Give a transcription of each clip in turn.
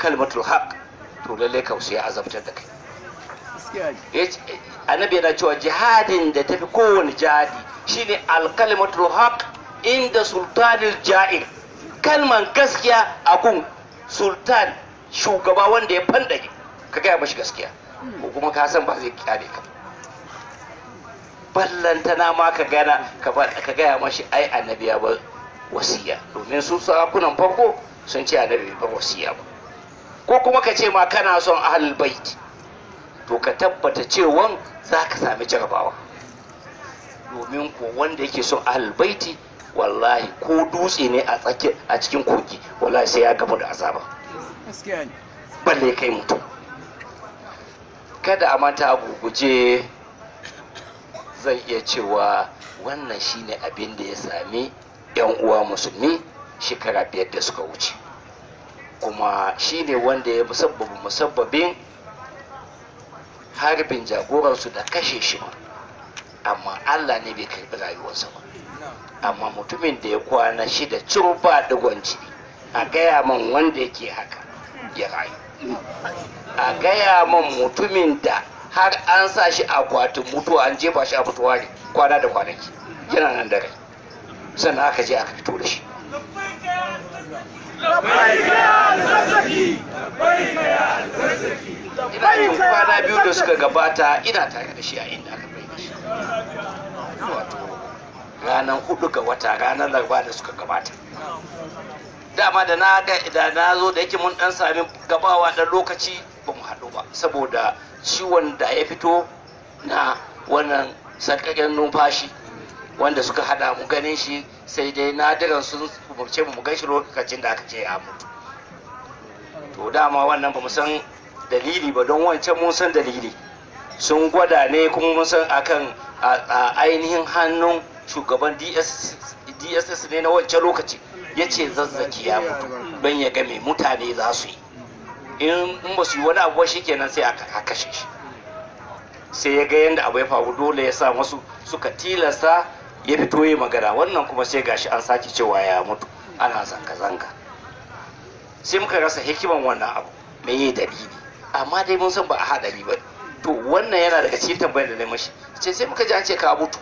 kalmatul haq to lallai ka sai azabtar da kai annabi yana cewa jihadin da tafi kowane jihadi shine alkalmatul haq inda sultanul ja'ir kalman gaskiya a kun sultan shugaba wanda ya fandage ka gaya mashi gaskiya ko kuma ka san ba zai kyale ka ballantana ma ka gana ka gaya mashi ai annabi ya bar wasiya domin su sarakunan farko sun ce annabi bai bar wasiya ba ko kuma ka ce ma kana son ahalul bait to ka tabbata cewan za ka sami jarabawa domin ko wanda yake son ahalul baiti wallahi ko dutse ne a cikin kogi wallahi sai ya gamu da azaba balle kai mutum kada a mata guguje zan iya cewa wannan shine abin da ya sami 'yan uwa musulmi shekara biyar da suka wuce kuma shi ne wanda ya musabbabu musabbabin harbin jagoransu da kashe shi ba amma allah ne bai karbi rayuwarsa ba amma mutumin da ya kwana shi da ba digon jini a gaya man wanda yake haka ya rayu a gaya man mutumin da har an sa shi a kwatin mutuwa an jefa shi a mutuwa ne kwana da kwanaki yana nan da rai sannan aka je aka fito da shi yin kwana biyu da suka gabata ina tare da shi a inda aka bai shi ranar hudu ga wata ranar larba da suka gabata dama da na da na zo da yake mun dan sami gabawa dan lokaci ba mu haɗu ba saboda ciwon da ya fito na wannan sarkaken numfashi wanda suka hada mu ganin shi sai dai nadiran sun umarce mu gan shi lokacin da aka ce ya mutu to dama wannan ba mu san dalili ba don wancan mun san dalili sun gwada ne kuma mun san akan a ainihin hannun shugaban dss ne na wancan lokaci ya ce zazzaki ya mutu don ya game mutane za su yi in ba su yi wani abu shi kenan sai a kashe shi sai ya ga yadda abu ya faru dole ya sa wasu suka tilasta ya fito ya magana wannan kuma sai gashi an sake cewa ya mutu ana zanga-zanga sai muka rasa hikiman wannan abu me yi dalili amma dai mun san ba a haɗari ba to wannan yana daga cikin tambayar da na mashi ce sai muka ji an ce ka mutu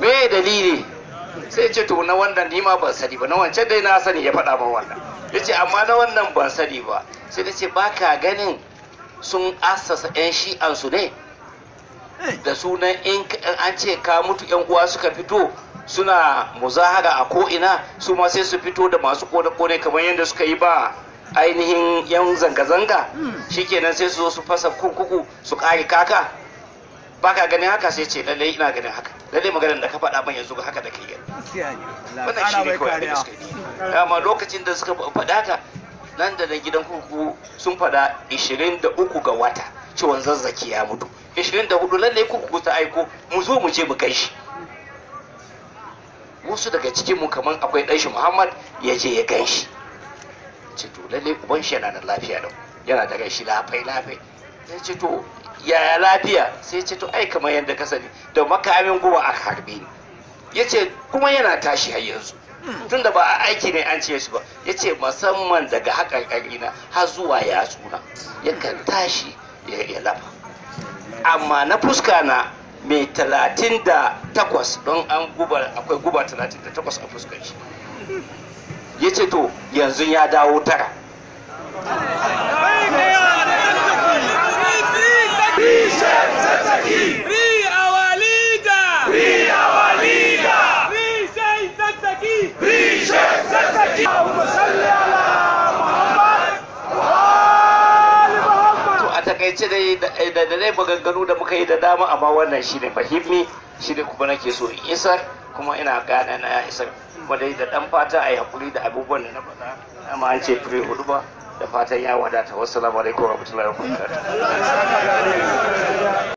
me yi dalili sai ce to na wannan ni ma ban sani ba na wancan dai na sani ya faɗa ba wannan ya ce amma na wannan ban sani ba sai na ce ba ka ganin sun asasa 'yan shi'ansu ne da sunan in an ce ka mutu yan uwa suka fito suna muzahara a ko'ina su ma sai su fito da masu kone-kone kamar yadda suka yi ba ainihin yan zanga-zanga shikenan sai su zo su fasa kurkuku su kare kaka ka ganin haka sai ce lallai ina ganin haka lallai maganar da ka faɗa ban yanzu haka da kai gani wannan shi ne kawai da suka yi amma lokacin da suka faɗa ka nan da nan gidan kurkuku sun faɗa 23 ga wata ciwon zazzaki ya mutu 24 lalle ku ta aiko mu zo mu je mu kai shi wasu daga cikin mu kaman akwai dan shi Muhammad ya je ya gan shi ce to lalle uban shi yana da lafiya da yana da gashi lafai lafai sai ce to yaya lafiya sai ce to ai kamar yadda ka sani da makamin guba a harbe ni yace kuma yana tashi har yanzu tunda ba a aiki ne an ce shi ba yace musamman daga hakan na har zuwa ya yatsuna yakan tashi ya lafa amma na fuska na mai talatin da takwas don an guba akwai guba talatin da takwas a fuskar shi ya ce to yanzu ya dawo tara takaice dai eh, da dai maganganu da muka yi da dama amma wannan shi ne fahimmi shi kuma nake so in isar kuma ina gana na isar kuma dai da dan fata a yi hakuri da abubuwan da na faɗa amma an ce fure hudu ba da fatan ya wadata wasu alaikum wa rahmatullahi